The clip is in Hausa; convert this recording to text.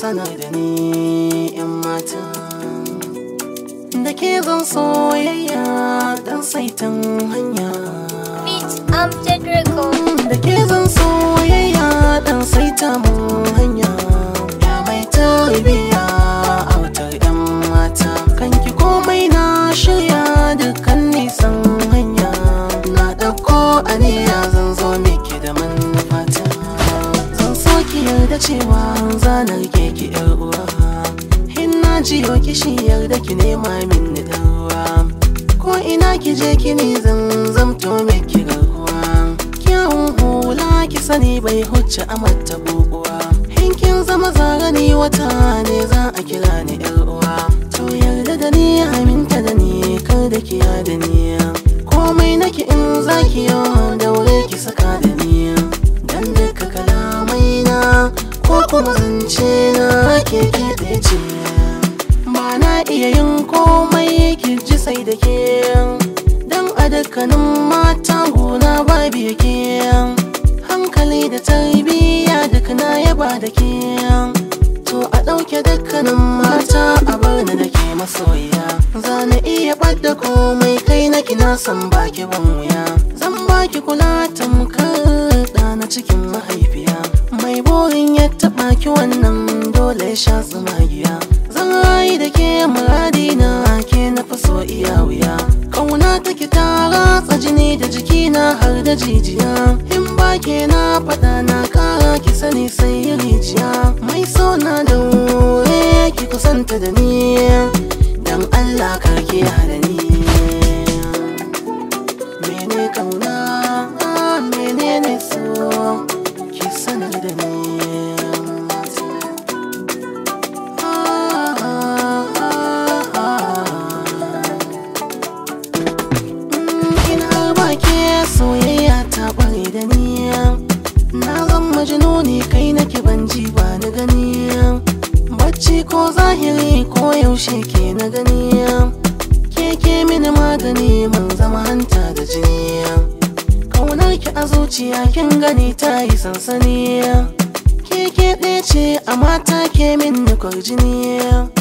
sana da ni yan mata da ke zan soyayya dan saitan hanya da ke zan soyayya dan saitan hanya ya mai tarbiya a wutar yan mata kanki komai na shirya dukkan nisan hanya na ɗauko aniya da cewa za na ki yar uwa hinna jiyo kishi yarda ki nema min ni uwa ko ina ki je ki ne zan zamto mai ki garkuwa kyawun hula ki sani bai huce amata buguwa kin zama zara ni wata ne za a kira ni yar uwa to yarda da ni aminta da ni kar da ki da ni komai naki in za ki yau kuma na ke keɓe ba na iya yin komai kirji sai da ke dan a dukkanin mata gona ba biya ke hankali da tarbiyya duk na yaba da ke to a ɗauke dukkanin mata a bar da ke masoya za na iya ɓadda komai kai na kina san baki ban wuya zan baki kula tamkar ɗana cikin mahaifa mai burin ya taɓa ki wannan dole sha tsumagiya zan rayu da ke muradi na ke na faso iya wuya kauna take ta ratsa jini da jikina har da jijiya in ba ke na faɗa na ƙara ki sani sai rijiya mai so na da wuri ki kusanta da ni dan Allah karki ya ko zahiri ko yaushe ke na gani keke mini magani man zama hanta da jini kaunar ki a zuciya kin gani ta yi sansani keke ɗaya ce a mata ke min nukar jini